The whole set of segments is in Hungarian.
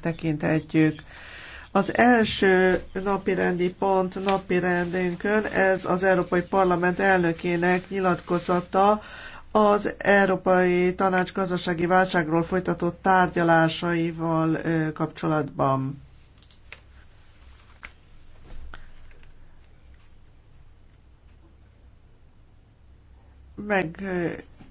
tekintetjük. Az első napirendi pont rendünkön ez az Európai Parlament elnökének nyilatkozata az Európai Tanács gazdasági válságról folytatott tárgyalásaival kapcsolatban. Meg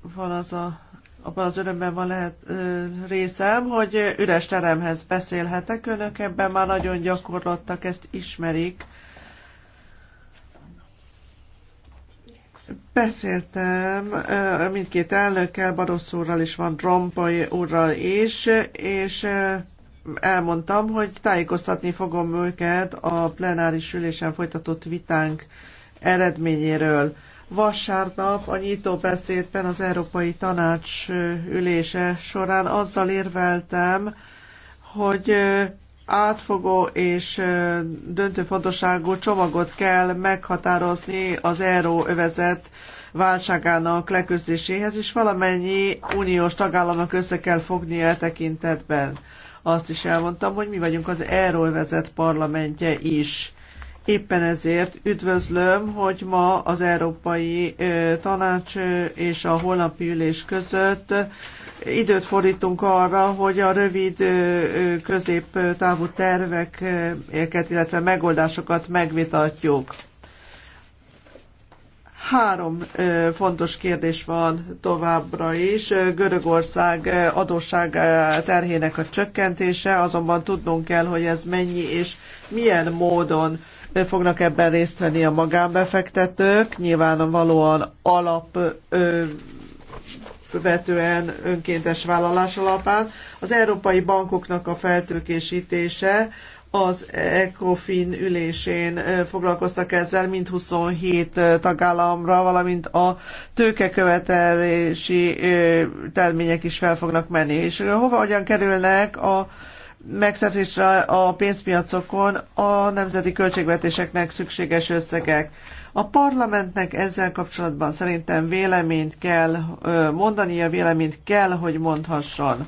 van az a abban az örömben van lehet ö, részem, hogy üres teremhez beszélhetek. Önök ebben már nagyon gyakorlottak, ezt ismerik. Beszéltem ö, mindkét elnökkel, Barosz úrral is van, Rompoy úrral is, és ö, elmondtam, hogy tájékoztatni fogom őket a plenáris ülésen folytatott vitánk eredményéről vasárnap a nyitóbeszédben az Európai Tanács ülése során azzal érveltem, hogy átfogó és döntő fontosságú csomagot kell meghatározni az euróövezet válságának leküzdéséhez, és valamennyi uniós tagállamnak össze kell fognia e tekintetben. Azt is elmondtam, hogy mi vagyunk az euróövezet parlamentje is Éppen ezért üdvözlöm, hogy ma az Európai Tanács és a holnapi ülés között időt fordítunk arra, hogy a rövid középtávú terveket, illetve megoldásokat megvitatjuk. Három fontos kérdés van továbbra is. Görögország adósság terhének a csökkentése, azonban tudnunk kell, hogy ez mennyi és milyen módon fognak ebben részt venni a magánbefektetők, nyilvánvalóan alap ö, követően önkéntes vállalás alapán. Az európai bankoknak a feltőkésítése az ECOFIN ülésén foglalkoztak ezzel mind 27 tagállamra, valamint a tőkekövetelési termények is fel fognak menni. És hova hogyan kerülnek a megszerzésre a pénzpiacokon a nemzeti költségvetéseknek szükséges összegek. A parlamentnek ezzel kapcsolatban szerintem véleményt kell mondania, véleményt kell, hogy mondhasson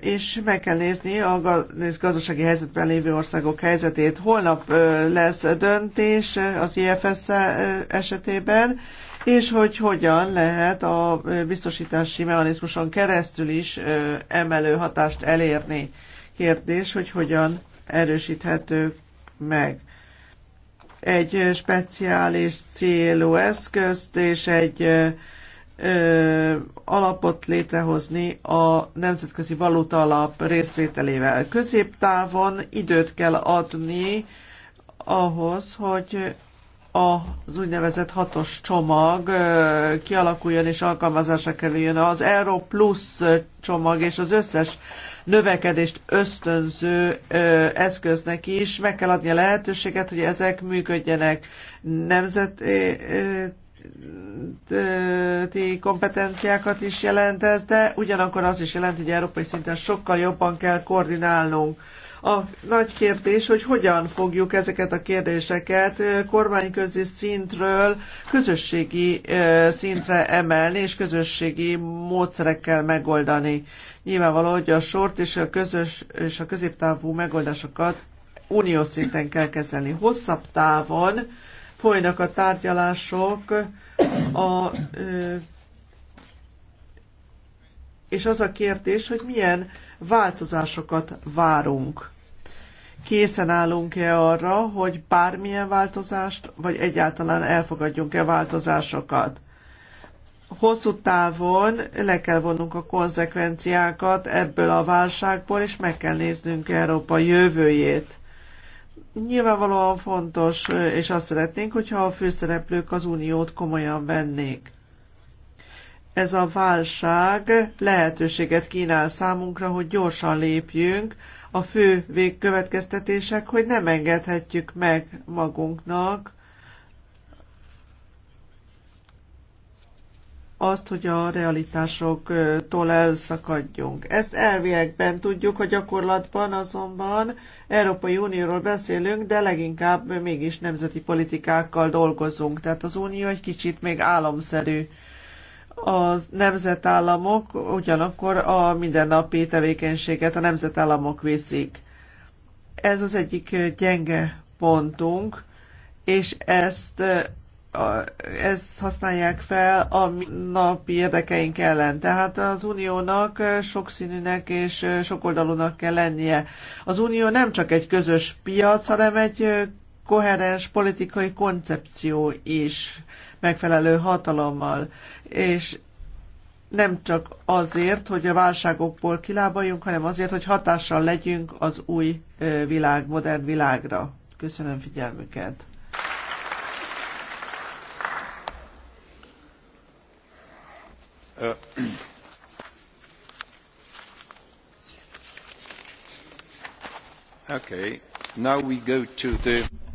és meg kell nézni a gazdasági helyzetben lévő országok helyzetét. Holnap lesz döntés az IFS -e, esetében, és hogy hogyan lehet a biztosítási mechanizmuson keresztül is emelő hatást elérni. Kérdés, hogy hogyan erősíthető meg. Egy speciális célú eszközt és egy alapot létrehozni a Nemzetközi Valuta Alap részvételével. Középtávon időt kell adni ahhoz, hogy az úgynevezett hatos csomag kialakuljon és alkalmazásra kerüljön. Az Euro Plus csomag és az összes növekedést ösztönző eszköznek is meg kell adni a lehetőséget, hogy ezek működjenek nemzet nemzeti kompetenciákat is jelent ez, de ugyanakkor az is jelent, hogy európai szinten sokkal jobban kell koordinálnunk. A nagy kérdés, hogy hogyan fogjuk ezeket a kérdéseket kormányközi szintről közösségi szintre emelni, és közösségi módszerekkel megoldani. Nyilvánvaló, hogy a sort és a közös és a középtávú megoldásokat uniós szinten kell kezelni. Hosszabb távon folynak a tárgyalások a és az a kérdés, hogy milyen változásokat várunk. Készen állunk-e arra, hogy bármilyen változást, vagy egyáltalán elfogadjunk-e változásokat? Hosszú távon le kell vonnunk a konzekvenciákat ebből a válságból, és meg kell néznünk Európa jövőjét. Nyilvánvalóan fontos, és azt szeretnénk, hogyha a főszereplők az uniót komolyan vennék. Ez a válság lehetőséget kínál számunkra, hogy gyorsan lépjünk. A fő végkövetkeztetések, hogy nem engedhetjük meg magunknak, azt, hogy a realitásoktól elszakadjunk. Ezt elviekben tudjuk, a gyakorlatban azonban Európai Unióról beszélünk, de leginkább mégis nemzeti politikákkal dolgozunk. Tehát az Unió egy kicsit még államszerű. A nemzetállamok ugyanakkor a mindennapi tevékenységet a nemzetállamok viszik. Ez az egyik gyenge pontunk, és ezt ezt használják fel a napi érdekeink ellen. Tehát az uniónak sokszínűnek és sokoldalúnak kell lennie. Az unió nem csak egy közös piac, hanem egy koherens politikai koncepció is megfelelő hatalommal. És nem csak azért, hogy a válságokból kilábaljunk, hanem azért, hogy hatással legyünk az új világ, modern világra. Köszönöm figyelmüket!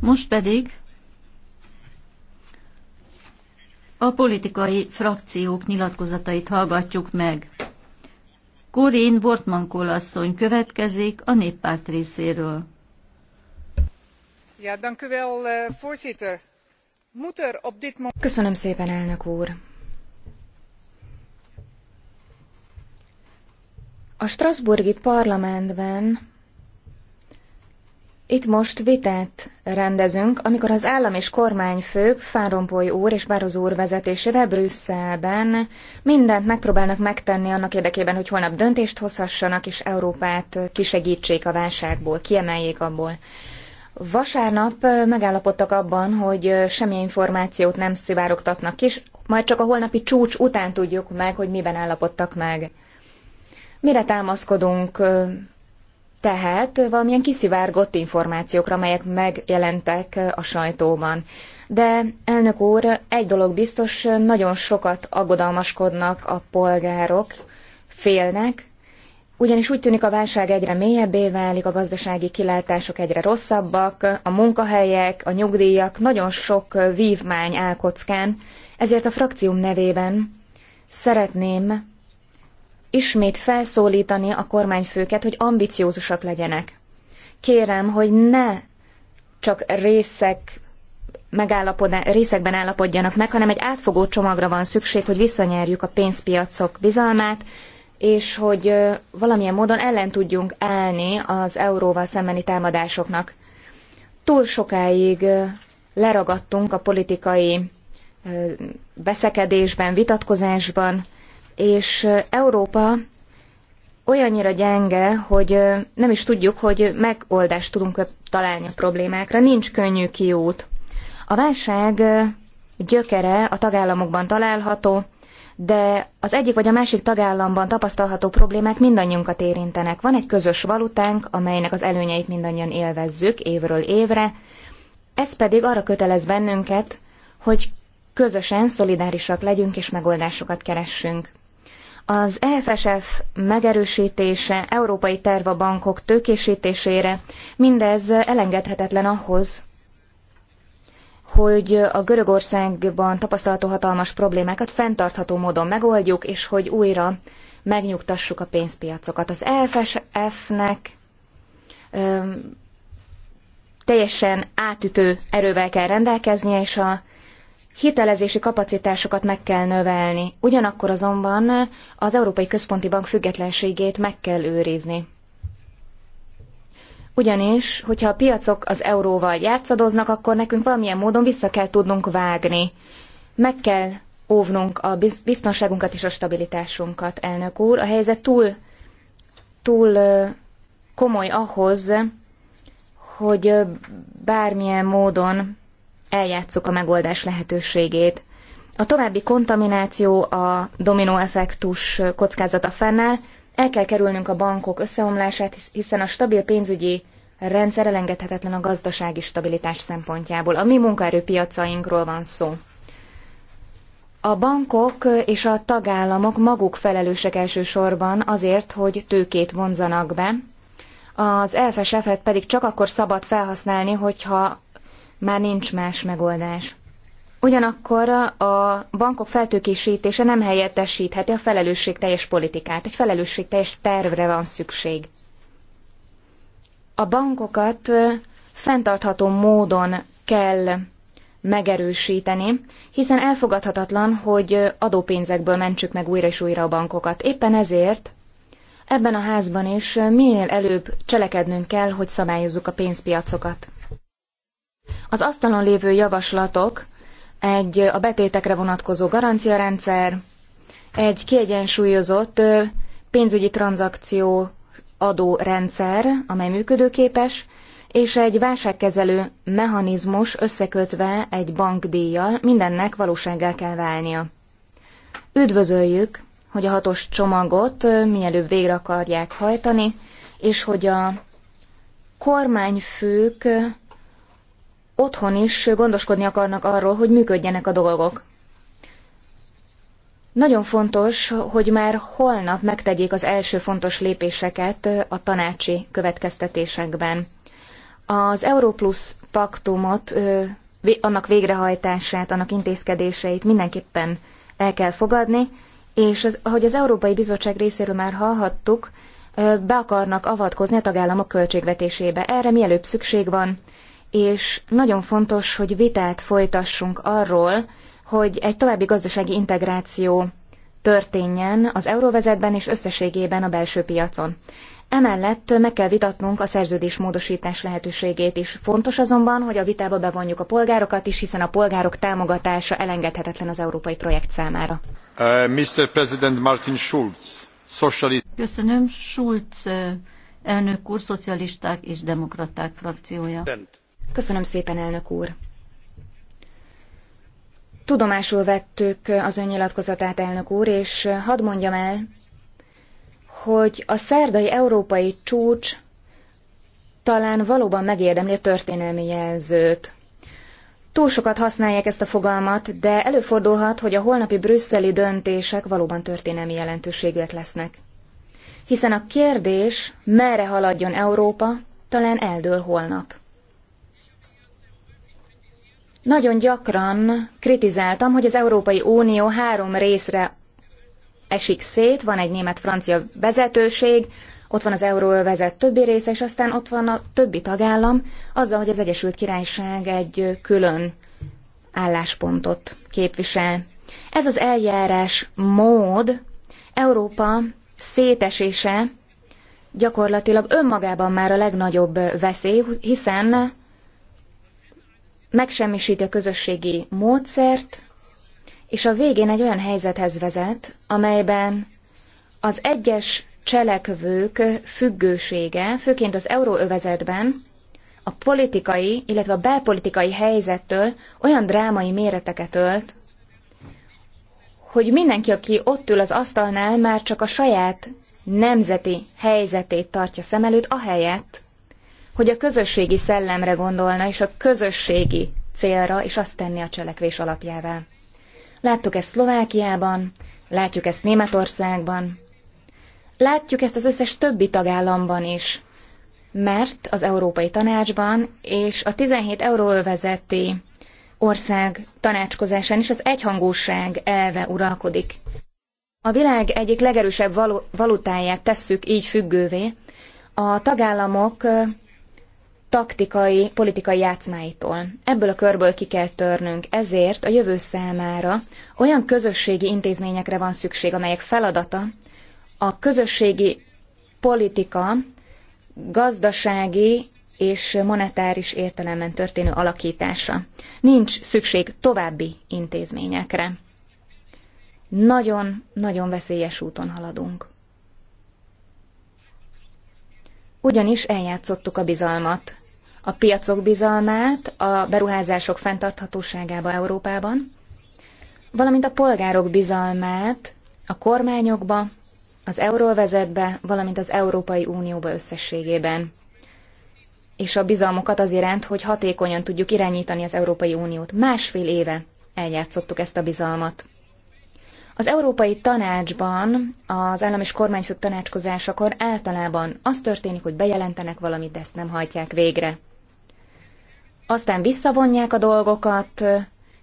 Most pedig a politikai frakciók nyilatkozatait hallgatjuk meg. Korin Bortmankol asszony következik a néppárt részéről. Ja, eh, er Köszönöm szépen, elnök úr. A Strasburgi parlamentben itt most vitát rendezünk, amikor az állam és kormányfők Fáronpoly úr és Bározó úr vezetésével Brüsszelben mindent megpróbálnak megtenni annak érdekében, hogy holnap döntést hozhassanak, és Európát kisegítsék a válságból, kiemeljék abból. Vasárnap megállapodtak abban, hogy semmi információt nem szivárogtatnak is, majd csak a holnapi csúcs után tudjuk meg, hogy miben állapodtak meg. Mire támaszkodunk tehát valamilyen kiszivárgott információkra, amelyek megjelentek a sajtóban. De, elnök úr, egy dolog biztos, nagyon sokat aggodalmaskodnak a polgárok, félnek, ugyanis úgy tűnik a válság egyre mélyebbé válik, a gazdasági kilátások egyre rosszabbak, a munkahelyek, a nyugdíjak, nagyon sok vívmány áll kockán, ezért a frakcióm nevében szeretném ismét felszólítani a kormányfőket, hogy ambiciózusak legyenek. Kérem, hogy ne csak részek részekben állapodjanak meg, hanem egy átfogó csomagra van szükség, hogy visszanyerjük a pénzpiacok bizalmát, és hogy valamilyen módon ellen tudjunk állni az euróval szembeni támadásoknak. Túl sokáig leragadtunk a politikai veszekedésben, vitatkozásban, és Európa olyannyira gyenge, hogy nem is tudjuk, hogy megoldást tudunk találni a problémákra, nincs könnyű kiút. A válság gyökere a tagállamokban található, de az egyik vagy a másik tagállamban tapasztalható problémák mindannyiunkat érintenek. Van egy közös valutánk, amelynek az előnyeit mindannyian élvezzük évről évre, ez pedig arra kötelez bennünket, hogy közösen szolidárisak legyünk és megoldásokat keressünk. Az EFSF megerősítése, európai terv a bankok tőkésítésére, mindez elengedhetetlen ahhoz, hogy a Görögországban tapasztalható hatalmas problémákat fenntartható módon megoldjuk, és hogy újra megnyugtassuk a pénzpiacokat. Az EFSF-nek teljesen átütő erővel kell rendelkeznie, és a hitelezési kapacitásokat meg kell növelni. Ugyanakkor azonban az Európai Központi Bank függetlenségét meg kell őrizni. Ugyanis, hogyha a piacok az euróval játszadoznak, akkor nekünk valamilyen módon vissza kell tudnunk vágni. Meg kell óvnunk a biztonságunkat és a stabilitásunkat, elnök úr. A helyzet túl, túl komoly ahhoz, hogy bármilyen módon eljátszuk a megoldás lehetőségét. A további kontamináció, a dominoeffektus kockázata fennáll, el kell kerülnünk a bankok összeomlását, hiszen a stabil pénzügyi rendszer elengedhetetlen a gazdasági stabilitás szempontjából. A mi munkaerőpiacainkról van szó. A bankok és a tagállamok maguk felelősek elsősorban azért, hogy tőkét vonzanak be, az elfesefet pedig csak akkor szabad felhasználni, hogyha már nincs más megoldás. Ugyanakkor a bankok feltőkésítése nem helyettesítheti a felelősség teljes politikát. Egy teljes tervre van szükség. A bankokat fenntartható módon kell megerősíteni, hiszen elfogadhatatlan, hogy adópénzekből mentsük meg újra és újra a bankokat. Éppen ezért ebben a házban is minél előbb cselekednünk kell, hogy szabályozzuk a pénzpiacokat. Az asztalon lévő javaslatok egy a betétekre vonatkozó garanciarendszer, egy kiegyensúlyozott pénzügyi tranzakció adórendszer, amely működőképes, és egy válságkezelő mechanizmus összekötve egy bankdíjjal mindennek valósággá kell válnia. Üdvözöljük, hogy a hatos csomagot mielőbb végre akarják hajtani, és hogy a kormányfők otthon is gondoskodni akarnak arról, hogy működjenek a dolgok. Nagyon fontos, hogy már holnap megtegyék az első fontos lépéseket a tanácsi következtetésekben. Az Europlus paktumot, annak végrehajtását, annak intézkedéseit mindenképpen el kell fogadni, és az, ahogy az Európai Bizottság részéről már hallhattuk, be akarnak avatkozni a tagállamok költségvetésébe. Erre mielőbb szükség van, és nagyon fontos, hogy vitát folytassunk arról, hogy egy további gazdasági integráció történjen az euróvezetben és összességében a belső piacon. Emellett meg kell vitatnunk a szerződés módosítás lehetőségét is. Fontos azonban, hogy a vitába bevonjuk a polgárokat is, hiszen a polgárok támogatása elengedhetetlen az európai projekt számára. Uh, Mr. President Martin Schulz, socialist. Köszönöm, Schulz uh, elnök úr, szocialisták és demokraták frakciója. President. Köszönöm szépen, elnök úr. Tudomásul vettük az önnyilatkozatát, elnök úr, és hadd mondjam el, hogy a szerdai európai csúcs talán valóban megérdemli a történelmi jelzőt. Túl sokat használják ezt a fogalmat, de előfordulhat, hogy a holnapi brüsszeli döntések valóban történelmi jelentőségűek lesznek. Hiszen a kérdés, merre haladjon Európa, talán eldől holnap. Nagyon gyakran kritizáltam, hogy az Európai Unió három részre esik szét, van egy német-francia vezetőség, ott van az euróövezet többi része, és aztán ott van a többi tagállam, azzal, hogy az Egyesült Királyság egy külön álláspontot képvisel. Ez az eljárás mód Európa szétesése gyakorlatilag önmagában már a legnagyobb veszély, hiszen megsemmisíti a közösségi módszert, és a végén egy olyan helyzethez vezet, amelyben az egyes cselekvők függősége, főként az euróövezetben, a politikai, illetve a belpolitikai helyzettől olyan drámai méreteket ölt, hogy mindenki, aki ott ül az asztalnál, már csak a saját nemzeti helyzetét tartja szem előtt, ahelyett, hogy a közösségi szellemre gondolna, és a közösségi célra, és azt tenni a cselekvés alapjává. Láttuk ezt Szlovákiában, látjuk ezt Németországban, látjuk ezt az összes többi tagállamban is, mert az Európai Tanácsban és a 17 euróövezeti ország tanácskozásán is az egyhangúság elve uralkodik. A világ egyik legerősebb valutáját tesszük így függővé, a tagállamok taktikai, politikai játszmáitól. Ebből a körből ki kell törnünk, ezért a jövő számára olyan közösségi intézményekre van szükség, amelyek feladata a közösségi politika gazdasági és monetáris értelemben történő alakítása. Nincs szükség további intézményekre. Nagyon-nagyon veszélyes úton haladunk. ugyanis eljátszottuk a bizalmat. A piacok bizalmát a beruházások fenntarthatóságába Európában, valamint a polgárok bizalmát a kormányokba, az euróvezetbe, valamint az Európai Unióba összességében. És a bizalmukat az iránt, hogy hatékonyan tudjuk irányítani az Európai Uniót. Másfél éve eljátszottuk ezt a bizalmat. Az Európai Tanácsban az állam és kormányfők tanácskozásakor általában az történik, hogy bejelentenek valamit, de ezt nem hajtják végre. Aztán visszavonják a dolgokat,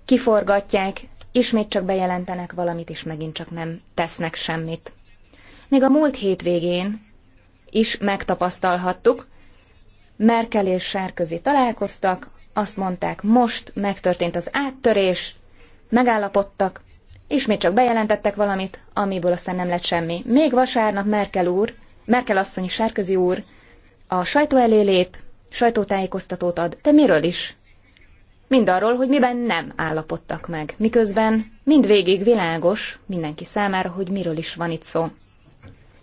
kiforgatják, ismét csak bejelentenek valamit, és megint csak nem tesznek semmit. Még a múlt hétvégén is megtapasztalhattuk, Merkel és Sárközi találkoztak, azt mondták, most megtörtént az áttörés, megállapodtak, Ismét csak bejelentettek valamit, amiből aztán nem lett semmi. Még vasárnap Merkel úr, Merkel asszony Sárközi úr a sajtó elé lép, sajtótájékoztatót ad, de miről is? Mindarról, hogy miben nem állapodtak meg, miközben mindvégig világos mindenki számára, hogy miről is van itt szó.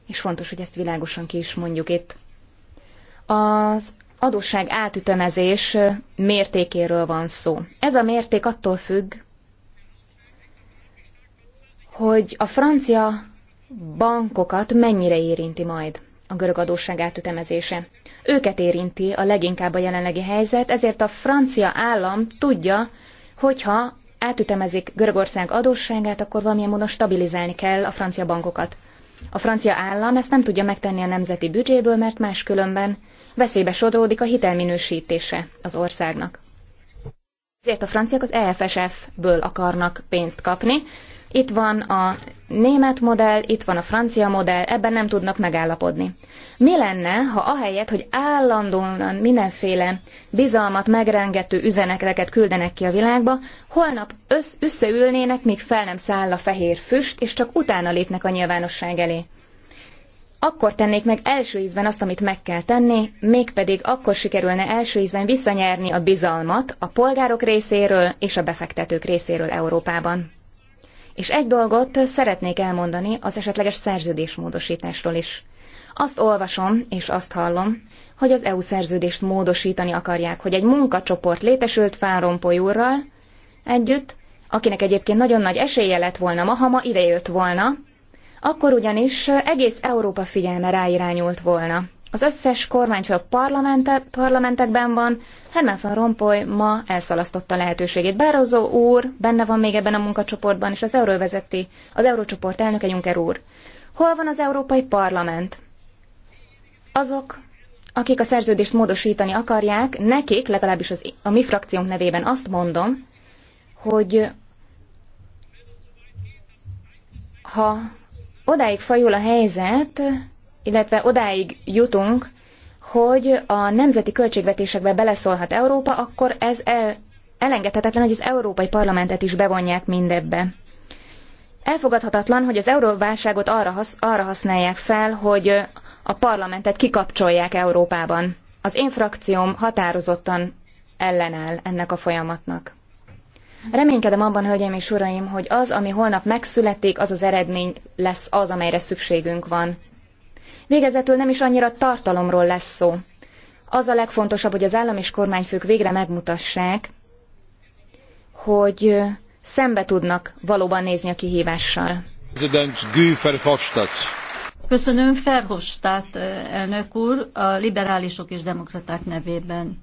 És fontos, hogy ezt világosan ki is mondjuk itt. Az adósság átütemezés mértékéről van szó. Ez a mérték attól függ, hogy a francia bankokat mennyire érinti majd a görög adósság átütemezése. Őket érinti a leginkább a jelenlegi helyzet, ezért a francia állam tudja, hogyha átütemezik Görögország adósságát, akkor valamilyen módon stabilizálni kell a francia bankokat. A francia állam ezt nem tudja megtenni a nemzeti büdzséből, mert máskülönben veszélybe sodródik a hitelminősítése az országnak. Ezért a franciák az EFSF-ből akarnak pénzt kapni, itt van a német modell, itt van a francia modell, ebben nem tudnak megállapodni. Mi lenne, ha ahelyett, hogy állandóan mindenféle bizalmat megrengető üzeneteket küldenek ki a világba, holnap össz- összeülnének, míg fel nem száll a fehér füst, és csak utána lépnek a nyilvánosság elé? Akkor tennék meg első ízben azt, amit meg kell tenni, mégpedig akkor sikerülne első ízben visszanyerni a bizalmat a polgárok részéről és a befektetők részéről Európában. És egy dolgot szeretnék elmondani az esetleges szerződésmódosításról is. Azt olvasom és azt hallom, hogy az EU szerződést módosítani akarják, hogy egy munkacsoport létesült Fán együtt, akinek egyébként nagyon nagy esélye lett volna ma, ha ma idejött volna, akkor ugyanis egész Európa figyelme ráirányult volna az összes kormányfő a parlamente, parlamentekben van, Herman van Rompuy ma elszalasztotta lehetőségét. Bározó úr benne van még ebben a munkacsoportban, és az vezeti, az eurócsoport elnöke Juncker úr. Hol van az Európai Parlament? Azok, akik a szerződést módosítani akarják, nekik, legalábbis az, a mi frakciónk nevében azt mondom, hogy ha odáig fajul a helyzet, illetve odáig jutunk, hogy a nemzeti költségvetésekbe beleszólhat Európa, akkor ez el, elengedhetetlen, hogy az Európai Parlamentet is bevonják mindebbe. Elfogadhatatlan, hogy az euróválságot arra, hasz, arra használják fel, hogy a parlamentet kikapcsolják Európában. Az én frakcióm határozottan ellenáll ennek a folyamatnak. Reménykedem abban, hölgyeim és uraim, hogy az, ami holnap megszületik, az az eredmény lesz az, amelyre szükségünk van. Végezetül nem is annyira tartalomról lesz szó. Az a legfontosabb, hogy az állam és kormányfők végre megmutassák, hogy szembe tudnak valóban nézni a kihívással. Köszönöm Ferhofstadt elnök úr a liberálisok és demokraták nevében.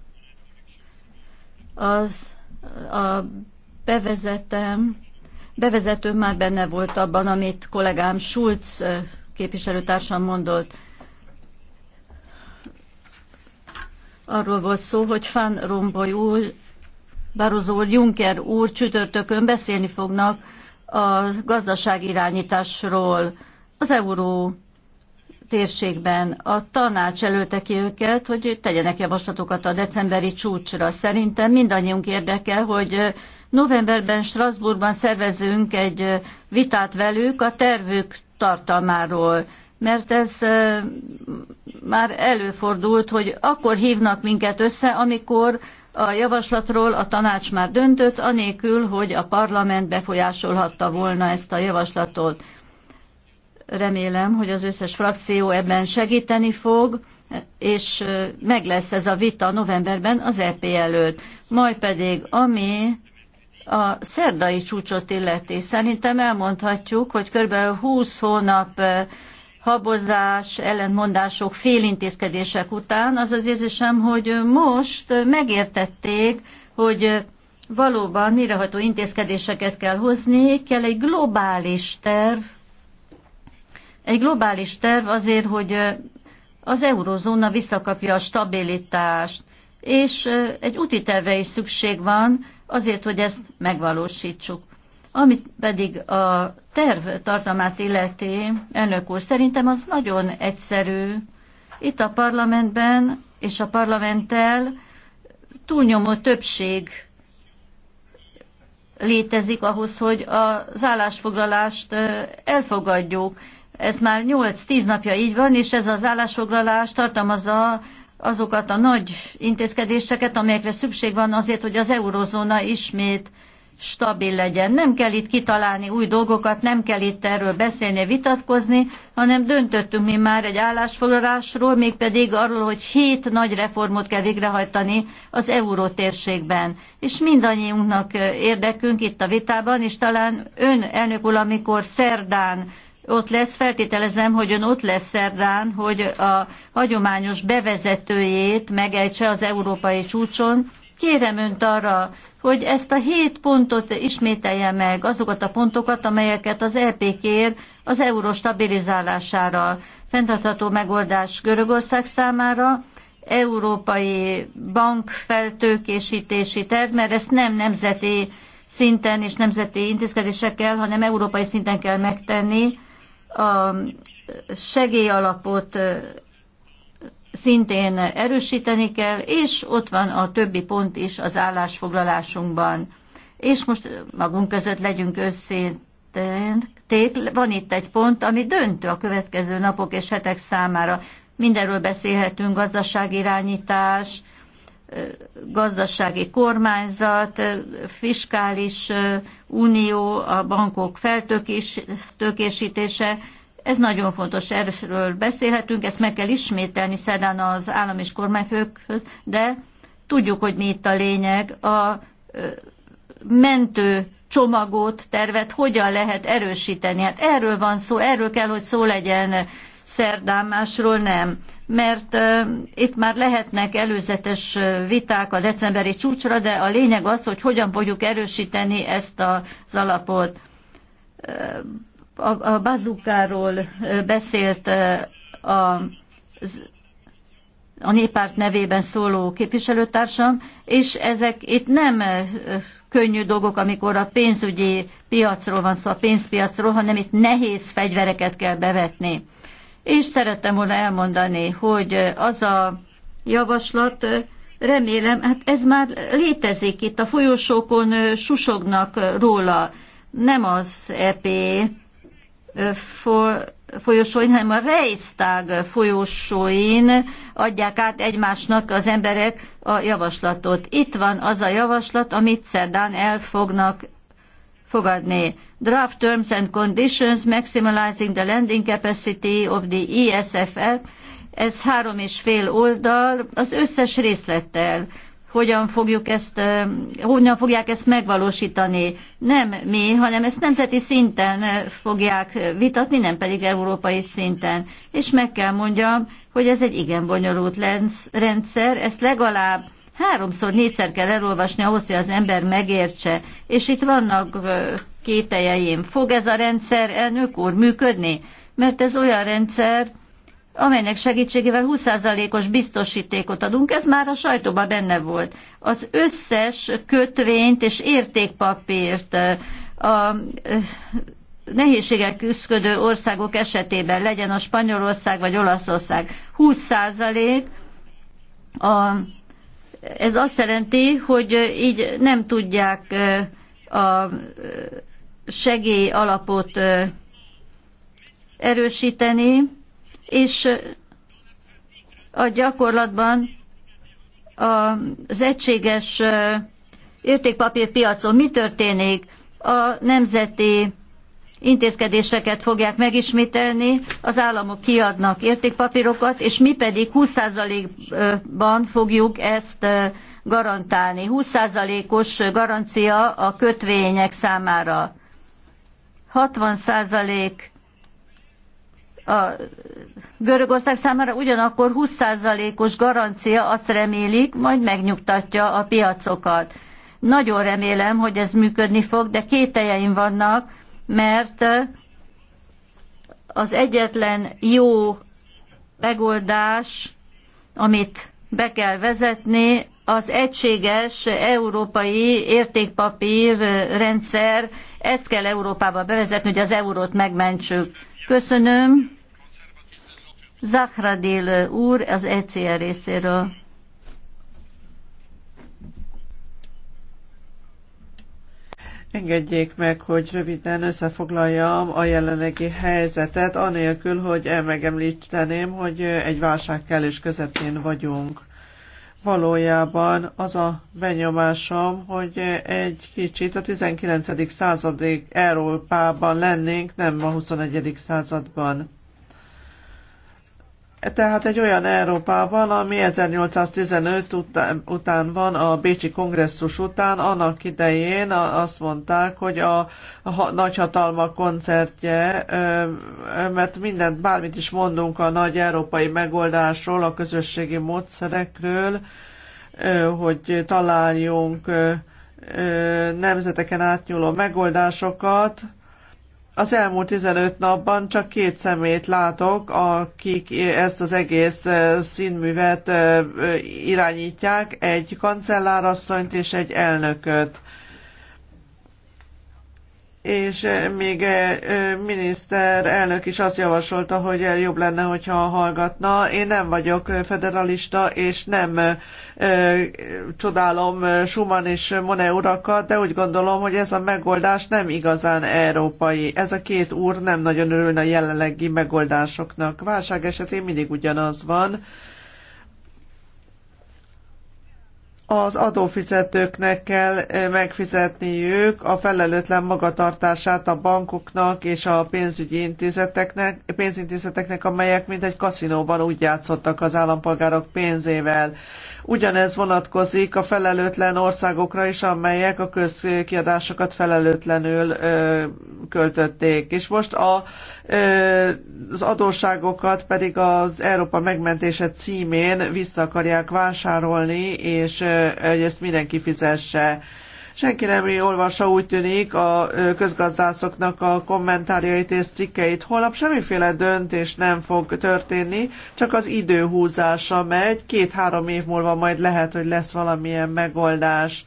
Az a bevezetem, bevezetőm már benne volt abban, amit kollégám Schulz képviselőtársam mondott. Arról volt szó, hogy Fan Romboy úr, Barozó úr, Juncker úr csütörtökön beszélni fognak a gazdaságirányításról az euró térségben. A tanács előtte ki őket, hogy tegyenek javaslatokat a decemberi csúcsra. Szerintem mindannyiunk érdeke, hogy novemberben Strasbourgban szervezünk egy vitát velük a tervük tartalmáról, mert ez már előfordult, hogy akkor hívnak minket össze, amikor a javaslatról a tanács már döntött, anélkül, hogy a parlament befolyásolhatta volna ezt a javaslatot. Remélem, hogy az összes frakció ebben segíteni fog, és meg lesz ez a vita novemberben az EP előtt. Majd pedig, ami a szerdai csúcsot illeti. Szerintem elmondhatjuk, hogy kb. 20 hónap habozás, ellentmondások, félintézkedések után az az érzésem, hogy most megértették, hogy valóban mirehajtó intézkedéseket kell hozni, kell egy globális terv, egy globális terv azért, hogy az eurozóna visszakapja a stabilitást, és egy úti tervre is szükség van, azért, hogy ezt megvalósítsuk. Amit pedig a terv tartalmát illeti, elnök úr, szerintem az nagyon egyszerű. Itt a parlamentben és a parlamenttel túlnyomó többség létezik ahhoz, hogy az állásfoglalást elfogadjuk. Ez már 8-10 napja így van, és ez az állásfoglalás tartalmazza azokat a nagy intézkedéseket, amelyekre szükség van azért, hogy az eurozóna ismét stabil legyen. Nem kell itt kitalálni új dolgokat, nem kell itt erről beszélni, vitatkozni, hanem döntöttünk mi már egy állásfoglalásról, mégpedig arról, hogy hét nagy reformot kell végrehajtani az eurótérségben. És mindannyiunknak érdekünk itt a vitában, és talán ön, elnök úr, amikor szerdán ott lesz, feltételezem, hogy ön ott lesz szerdán, hogy a hagyományos bevezetőjét megejtse az európai csúcson. Kérem önt arra, hogy ezt a hét pontot ismételje meg, azokat a pontokat, amelyeket az EP kér az euró stabilizálására, fenntartható megoldás Görögország számára, európai bank feltőkésítési terv, mert ezt nem nemzeti szinten és nemzeti intézkedésekkel, hanem európai szinten kell megtenni, a segélyalapot szintén erősíteni kell, és ott van a többi pont is az állásfoglalásunkban. És most magunk között legyünk összéték, van itt egy pont, ami döntő a következő napok és hetek számára. Mindenről beszélhetünk, gazdaságirányítás, irányítás, gazdasági kormányzat, fiskális unió, a bankok feltökésítése. Ez nagyon fontos, erről beszélhetünk, ezt meg kell ismételni szerdán az állam és kormányfőkhöz, de tudjuk, hogy mi itt a lényeg. A mentő csomagot, tervet hogyan lehet erősíteni. Hát erről van szó, erről kell, hogy szó legyen szerdán, másról nem. Mert itt már lehetnek előzetes viták a decemberi csúcsra, de a lényeg az, hogy hogyan fogjuk erősíteni ezt az alapot. A, a bazukáról beszélt a a néppárt nevében szóló képviselőtársam, és ezek itt nem könnyű dolgok, amikor a pénzügyi piacról van szó, a pénzpiacról, hanem itt nehéz fegyvereket kell bevetni és szerettem volna elmondani, hogy az a javaslat, remélem, hát ez már létezik itt, a folyosókon susognak róla, nem az EP folyosóin, hanem a Reisztág folyosóin adják át egymásnak az emberek a javaslatot. Itt van az a javaslat, amit szerdán el fognak fogadni draft terms and conditions maximizing the lending capacity of the ESFF, ez három és fél oldal, az összes részlettel hogyan, fogjuk ezt, hogyan fogják ezt megvalósítani. Nem mi, hanem ezt nemzeti szinten fogják vitatni, nem pedig európai szinten. És meg kell mondjam, hogy ez egy igen bonyolult rendszer, ezt legalább háromszor, négyszer kell elolvasni ahhoz, hogy az ember megértse. És itt vannak kételjeim. Fog ez a rendszer, elnök úr, működni? Mert ez olyan rendszer, amelynek segítségével 20%-os biztosítékot adunk, ez már a sajtóban benne volt. Az összes kötvényt és értékpapírt a nehézségek küzdködő országok esetében, legyen a Spanyolország vagy Olaszország, 20% a, ez azt jelenti, hogy így nem tudják a segély alapot erősíteni, és a gyakorlatban az egységes értékpapírpiacon mi történik? A nemzeti intézkedéseket fogják megismételni, az államok kiadnak értékpapírokat, és mi pedig 20%-ban fogjuk ezt garantálni. 20%-os garancia a kötvények számára. 60% a Görögország számára ugyanakkor 20%-os garancia azt remélik, majd megnyugtatja a piacokat. Nagyon remélem, hogy ez működni fog, de kételjeim vannak, mert az egyetlen jó megoldás, amit be kell vezetni, az egységes európai értékpapír rendszer, ezt kell Európába bevezetni, hogy az eurót megmentsük. Köszönöm. Zahradil úr az ECR részéről. Engedjék meg, hogy röviden összefoglaljam a jelenlegi helyzetet, anélkül, hogy megemlíteném, hogy egy válság kellős közepén vagyunk valójában az a benyomásom, hogy egy kicsit a 19. századig Európában lennénk, nem a 21. században. Tehát egy olyan Európában, ami 1815 után, után van a Bécsi kongresszus után, annak idején azt mondták, hogy a, a nagyhatalma koncertje, mert mindent, bármit is mondunk a nagy európai megoldásról, a közösségi módszerekről, hogy találjunk nemzeteken átnyúló megoldásokat, az elmúlt 15 napban csak két szemét látok, akik ezt az egész színművet irányítják, egy kancellárasszonyt és egy elnököt és eh, még eh, eh, miniszter elnök is azt javasolta, hogy jobb lenne, hogyha hallgatna. Én nem vagyok federalista, és nem csodálom Schumann és Monet urakat, de úgy gondolom, hogy ez a megoldás nem igazán európai. Ez a két úr nem nagyon örülne a jelenlegi megoldásoknak. Válság esetén mindig ugyanaz van az adófizetőknek kell eh, megfizetniük a felelőtlen magatartását a bankoknak és a pénzügyi intézeteknek, pénzintézeteknek, amelyek mint egy kaszinóban úgy játszottak az állampolgárok pénzével. Ugyanez vonatkozik a felelőtlen országokra is, amelyek a közkiadásokat felelőtlenül ö, költötték. És most a, ö, az adósságokat pedig az Európa megmentése címén vissza akarják vásárolni, és ö, hogy ezt mindenki fizesse. Senki nem olvassa, úgy tűnik, a közgazdászoknak a kommentárjait és cikkeit. Holnap semmiféle döntés nem fog történni, csak az idő húzása megy. Két-három év múlva majd lehet, hogy lesz valamilyen megoldás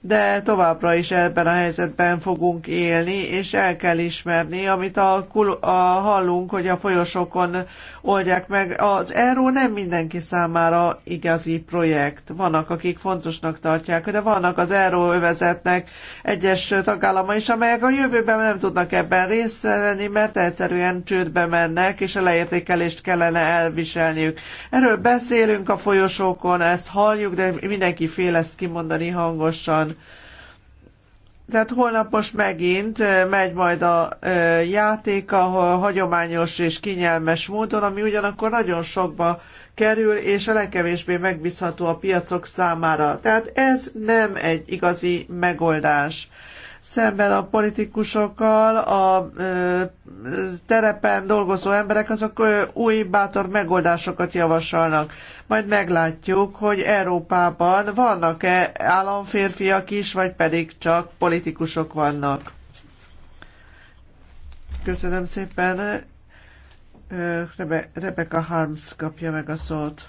de továbbra is ebben a helyzetben fogunk élni, és el kell ismerni, amit a, a hallunk, hogy a folyosokon oldják meg. Az ERO nem mindenki számára igazi projekt. Vannak, akik fontosnak tartják, de vannak az ERO övezetnek egyes tagállama is, amelyek a jövőben nem tudnak ebben részt venni, mert egyszerűen csődbe mennek, és a leértékelést kellene elviselniük. Erről beszélünk a folyosókon, ezt halljuk, de mindenki fél ezt kimondani hangosan van. Tehát holnap most megint megy majd a játék ahol hagyományos és kinyelmes módon, ami ugyanakkor nagyon sokba kerül, és a legkevésbé megbízható a piacok számára. Tehát ez nem egy igazi megoldás szemben a politikusokkal, a terepen dolgozó emberek, azok új bátor megoldásokat javasolnak. Majd meglátjuk, hogy Európában vannak-e államférfiak is, vagy pedig csak politikusok vannak. Köszönöm szépen. Rebe Rebecca Harms kapja meg a szót.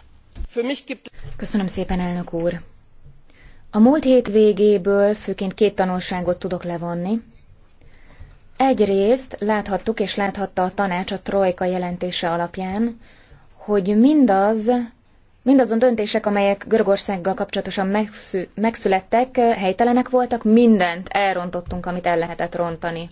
Köszönöm szépen, elnök úr. A múlt hét végéből főként két tanulságot tudok levonni. Egyrészt láthattuk és láthatta a tanács a trojka jelentése alapján, hogy mindaz, mindazon döntések, amelyek Görögországgal kapcsolatosan megszü, megszülettek, helytelenek voltak, mindent elrontottunk, amit el lehetett rontani.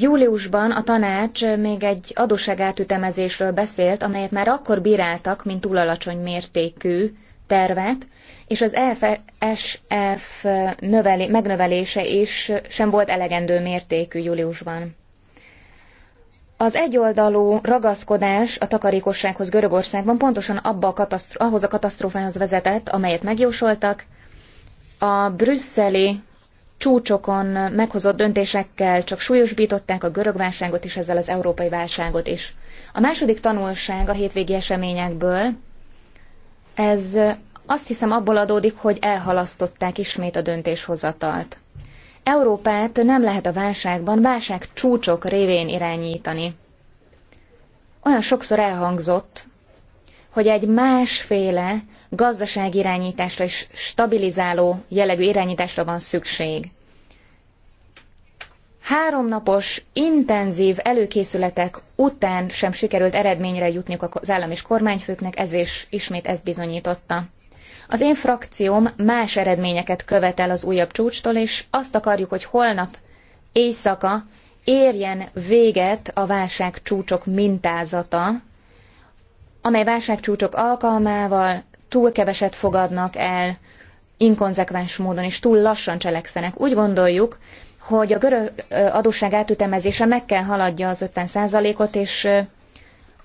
Júliusban a tanács még egy adósságátütemezésről beszélt, amelyet már akkor bíráltak, mint túl alacsony mértékű, tervet, és az EFSF növeli, megnövelése is sem volt elegendő mértékű júliusban. Az egyoldalú ragaszkodás a takarékossághoz Görögországban pontosan abba a ahhoz a katasztrófához vezetett, amelyet megjósoltak. A brüsszeli csúcsokon meghozott döntésekkel csak súlyosbították a görög válságot és ezzel az európai válságot is. A második tanulság a hétvégi eseményekből ez azt hiszem abból adódik, hogy elhalasztották ismét a döntéshozatalt. Európát nem lehet a válságban válság csúcsok révén irányítani. Olyan sokszor elhangzott, hogy egy másféle gazdaságirányításra és stabilizáló jellegű irányításra van szükség háromnapos intenzív előkészületek után sem sikerült eredményre jutniuk az állam és kormányfőknek, ez is ismét ezt bizonyította. Az én frakcióm más eredményeket követel az újabb csúcstól, és azt akarjuk, hogy holnap éjszaka érjen véget a válságcsúcsok mintázata, amely válságcsúcsok alkalmával túl keveset fogadnak el, inkonzekvens módon és túl lassan cselekszenek. Úgy gondoljuk, hogy a görög adósság átütemezése meg kell haladja az 50%-ot, és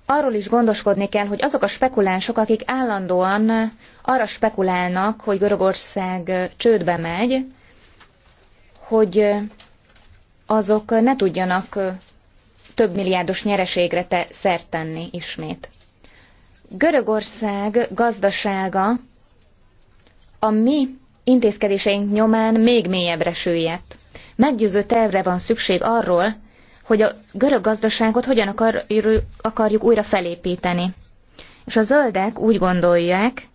arról is gondoskodni kell, hogy azok a spekulánsok, akik állandóan arra spekulálnak, hogy Görögország csődbe megy, hogy azok ne tudjanak több milliárdos nyereségre te szert tenni ismét. Görögország gazdasága a mi intézkedéseink nyomán még mélyebbre süllyedt. Meggyőző tervre van szükség arról, hogy a görög gazdaságot hogyan akarjuk újra felépíteni. És a zöldek úgy gondolják,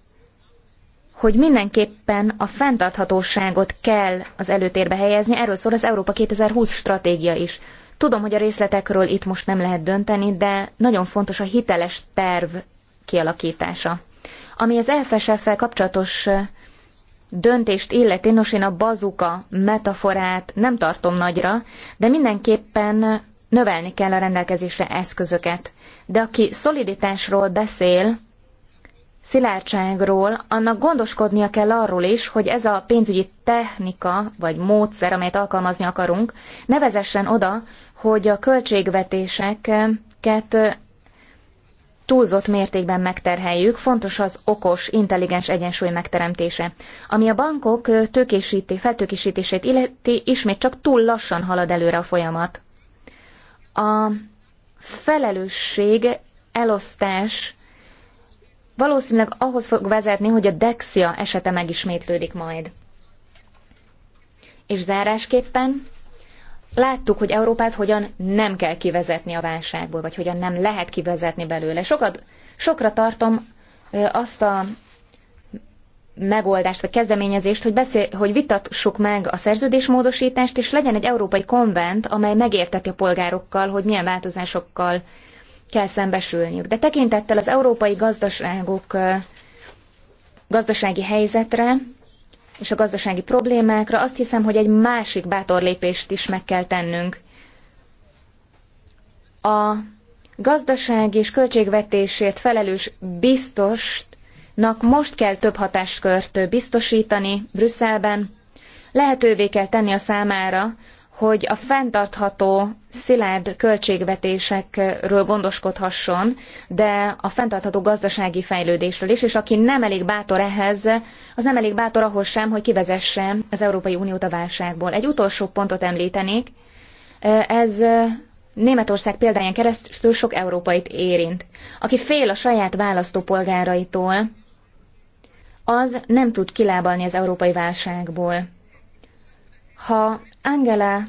hogy mindenképpen a fenntarthatóságot kell az előtérbe helyezni, erről szól az Európa 2020 stratégia is. Tudom, hogy a részletekről itt most nem lehet dönteni, de nagyon fontos a hiteles terv kialakítása. Ami az EFSF-fel kapcsolatos döntést illeti, nos én a bazuka metaforát nem tartom nagyra, de mindenképpen növelni kell a rendelkezésre eszközöket. De aki szoliditásról beszél, szilárdságról, annak gondoskodnia kell arról is, hogy ez a pénzügyi technika vagy módszer, amelyet alkalmazni akarunk, ne vezessen oda, hogy a költségvetéseket túlzott mértékben megterheljük, fontos az okos, intelligens egyensúly megteremtése. Ami a bankok tőkésíté, feltőkésítését illeti, ismét csak túl lassan halad előre a folyamat. A felelősség, elosztás valószínűleg ahhoz fog vezetni, hogy a Dexia esete megismétlődik majd. És zárásképpen láttuk, hogy Európát hogyan nem kell kivezetni a válságból, vagy hogyan nem lehet kivezetni belőle. Sokat, sokra tartom azt a megoldást, vagy kezdeményezést, hogy, beszél, hogy vitassuk meg a szerződésmódosítást, és legyen egy európai konvent, amely megérteti a polgárokkal, hogy milyen változásokkal kell szembesülniük. De tekintettel az európai gazdaságok gazdasági helyzetre, és a gazdasági problémákra, azt hiszem, hogy egy másik bátor lépést is meg kell tennünk. A gazdaság és költségvetésért felelős biztosnak most kell több hatáskört biztosítani Brüsszelben, lehetővé kell tenni a számára, hogy a fenntartható szilárd költségvetésekről gondoskodhasson, de a fenntartható gazdasági fejlődésről is, és aki nem elég bátor ehhez, az nem elég bátor ahhoz sem, hogy kivezesse az Európai Uniót a válságból. Egy utolsó pontot említenék, ez Németország példáján keresztül sok európait érint. Aki fél a saját választópolgáraitól, az nem tud kilábalni az európai válságból. Ha Angela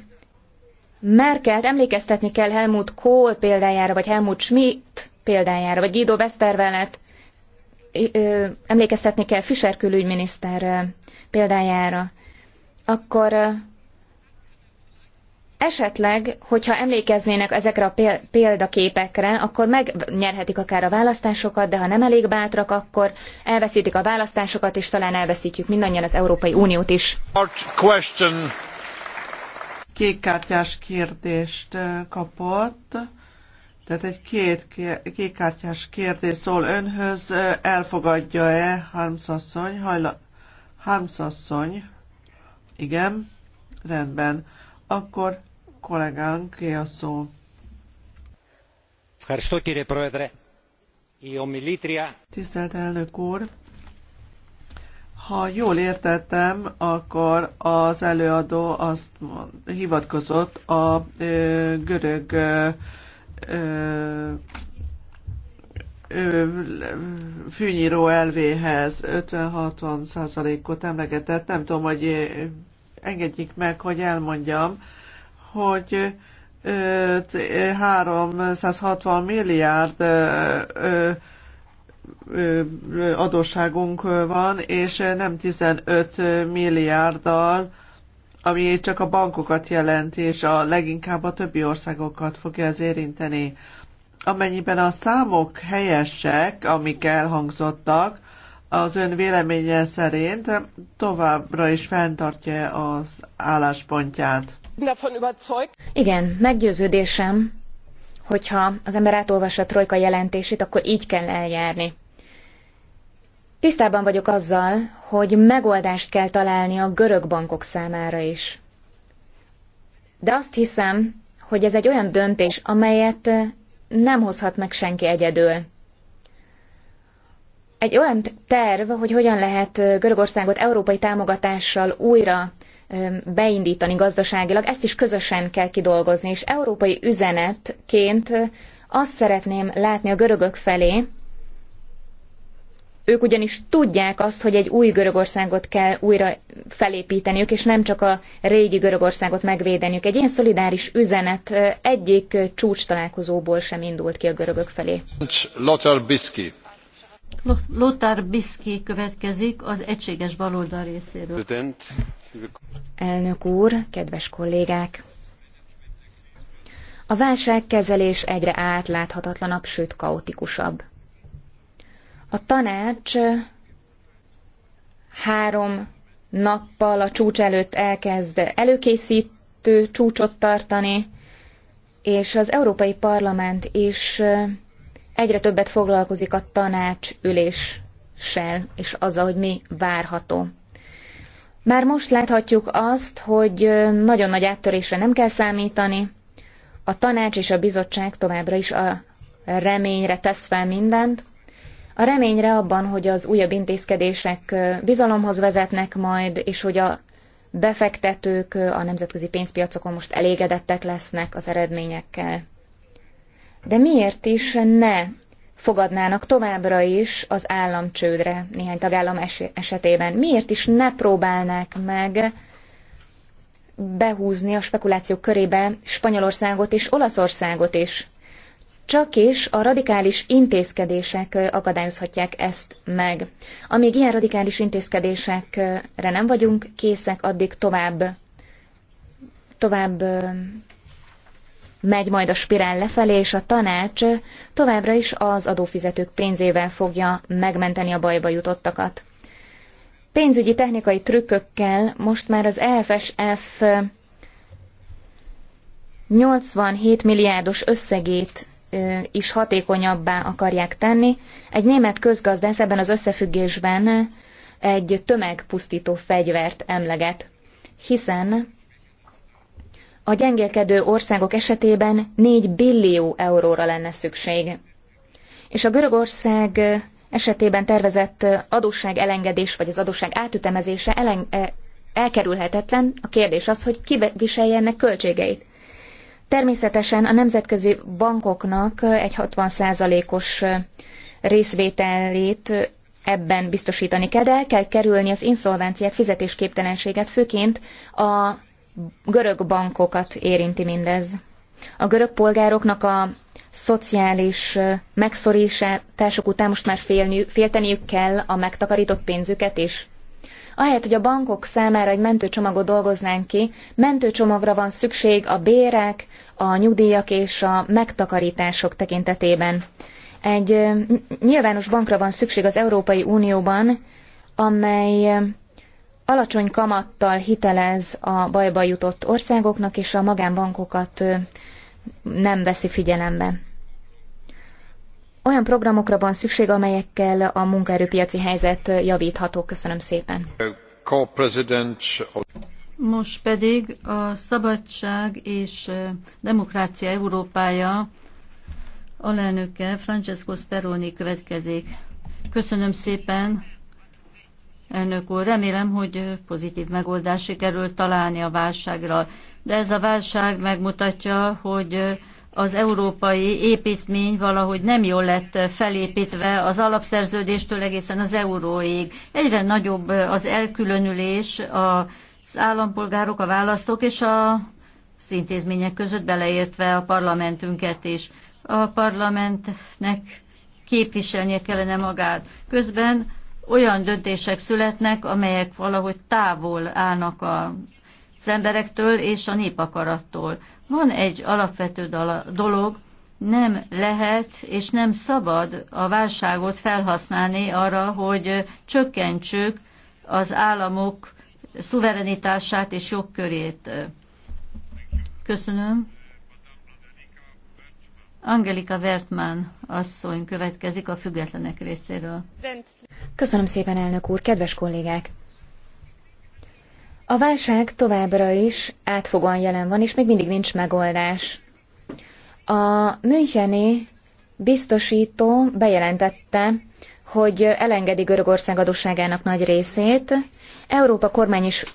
Merkelt emlékeztetni kell Helmut Kohl példájára, vagy Helmut Schmidt példájára, vagy Guido Westervelet emlékeztetni kell Fischer külügyminiszter példájára, akkor esetleg, hogyha emlékeznének ezekre a példaképekre, akkor megnyerhetik akár a választásokat, de ha nem elég bátrak, akkor elveszítik a választásokat, és talán elveszítjük mindannyian az Európai Uniót is kékkártyás kérdést kapott. Tehát egy két kékkártyás kérdés szól önhöz, elfogadja-e Harmszasszony? asszony? Hajla... Harms Igen, rendben. Akkor kollégánk, ki a szó. Tisztelt elnök úr! Ha jól értettem, akkor az előadó azt hivatkozott a ö, görög ö, ö, fűnyíró elvéhez 50-60 százalékot emlegetett. Nem tudom, hogy engedjék meg, hogy elmondjam, hogy 360 milliárd ö, ö, adósságunk van, és nem 15 milliárddal, ami csak a bankokat jelent és a leginkább a többi országokat fogja ez érinteni. Amennyiben a számok helyesek, amik elhangzottak, az ön véleménye szerint továbbra is fenntartja az álláspontját. Igen, meggyőződésem, hogyha az ember átolvassa a trojka jelentését, akkor így kell eljárni. Tisztában vagyok azzal, hogy megoldást kell találni a görög bankok számára is. De azt hiszem, hogy ez egy olyan döntés, amelyet nem hozhat meg senki egyedül. Egy olyan terv, hogy hogyan lehet Görögországot európai támogatással újra beindítani gazdaságilag, ezt is közösen kell kidolgozni, és európai üzenetként azt szeretném látni a görögök felé, ők ugyanis tudják azt, hogy egy új Görögországot kell újra felépíteniük, és nem csak a régi Görögországot megvédeniük. Egy ilyen szolidáris üzenet egyik csúcs találkozóból sem indult ki a görögök felé. Lothar Biszki. Lothar Biszki következik az egységes baloldal részéről. Elnök úr, kedves kollégák! A válságkezelés egyre átláthatatlanabb, sőt kaotikusabb. A tanács három nappal a csúcs előtt elkezd előkészítő csúcsot tartani, és az Európai Parlament is egyre többet foglalkozik a tanács üléssel, és azzal, hogy mi várható. Már most láthatjuk azt, hogy nagyon nagy áttörésre nem kell számítani, a tanács és a bizottság továbbra is a reményre tesz fel mindent, a reményre abban, hogy az újabb intézkedések bizalomhoz vezetnek majd, és hogy a befektetők a nemzetközi pénzpiacokon most elégedettek lesznek az eredményekkel. De miért is ne fogadnának továbbra is az államcsődre néhány tagállam es- esetében? Miért is ne próbálnák meg behúzni a spekulációk körébe Spanyolországot és Olaszországot is? Csak is a radikális intézkedések akadályozhatják ezt meg. Amíg ilyen radikális intézkedésekre nem vagyunk készek, addig tovább tovább megy majd a spirál lefelé, és a tanács továbbra is az adófizetők pénzével fogja megmenteni a bajba jutottakat. Pénzügyi technikai trükkökkel most már az EFSF 87 milliárdos összegét is hatékonyabbá akarják tenni. Egy német közgazdász ebben az összefüggésben egy tömegpusztító fegyvert emleget, hiszen a gyengélkedő országok esetében 4 billió euróra lenne szükség. És a Görögország esetében tervezett adósság elengedés vagy az adósság átütemezése eleng- e- elkerülhetetlen. A kérdés az, hogy ki viselje ennek költségeit. Természetesen a nemzetközi bankoknak egy 60%-os részvételét ebben biztosítani kell, de el kell kerülni az inszolvenciát, fizetésképtelenséget, főként a görög bankokat érinti mindez. A görög polgároknak a szociális megszorítások után most már félniük, félteniük kell a megtakarított pénzüket is. Ahelyett, hogy a bankok számára egy mentőcsomagot dolgoznánk ki, mentőcsomagra van szükség a bérek, a nyugdíjak és a megtakarítások tekintetében. Egy nyilvános bankra van szükség az Európai Unióban, amely alacsony kamattal hitelez a bajba jutott országoknak, és a magánbankokat nem veszi figyelembe. Olyan programokra van szükség, amelyekkel a munkaerőpiaci helyzet javítható. Köszönöm szépen. Most pedig a Szabadság és Demokrácia Európája alelnöke Francesco Speroni következik. Köszönöm szépen. Elnök úr, remélem, hogy pozitív megoldás sikerült találni a válságra, de ez a válság megmutatja, hogy az európai építmény valahogy nem jól lett felépítve az alapszerződéstől egészen az euróig. Egyre nagyobb az elkülönülés az állampolgárok, a választók és a intézmények között, beleértve a parlamentünket is. A parlamentnek képviselnie kellene magát. Közben olyan döntések születnek, amelyek valahogy távol állnak a az emberektől és a népakarattól. Van egy alapvető dolog, nem lehet és nem szabad a válságot felhasználni arra, hogy csökkentsük az államok szuverenitását és jogkörét. Köszönöm. Angelika Wertmann asszony következik a függetlenek részéről. Köszönöm szépen, elnök úr, kedves kollégák! A válság továbbra is átfogóan jelen van, és még mindig nincs megoldás. A Müncheni biztosító bejelentette, hogy elengedi Görögország adósságának nagy részét. Európa kormány is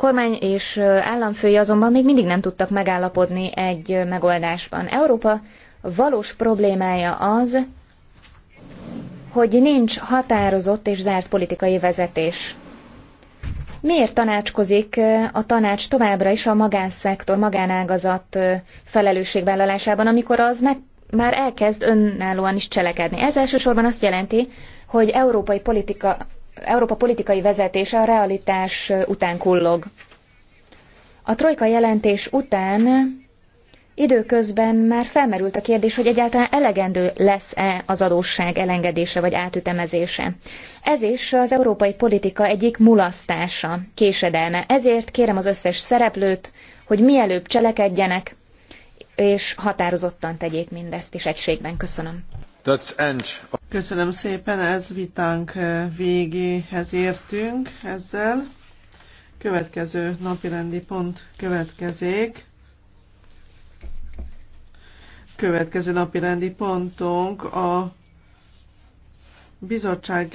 kormány és államfői azonban még mindig nem tudtak megállapodni egy megoldásban. Európa valós problémája az, hogy nincs határozott és zárt politikai vezetés. Miért tanácskozik a tanács továbbra is a magánszektor, magánágazat felelősségvállalásában, amikor az meg már elkezd önállóan is cselekedni? Ez elsősorban azt jelenti, hogy európai politika, Európa politikai vezetése a realitás után kullog. A trojka jelentés után időközben már felmerült a kérdés, hogy egyáltalán elegendő lesz-e az adósság elengedése vagy átütemezése. Ez is az európai politika egyik mulasztása, késedelme. Ezért kérem az összes szereplőt, hogy mielőbb cselekedjenek, és határozottan tegyék mindezt, és egységben köszönöm. Köszönöm szépen, ez vitánk eh, végéhez értünk ezzel. Következő napirendi pont következik. Következő napirendi pontunk a bizottság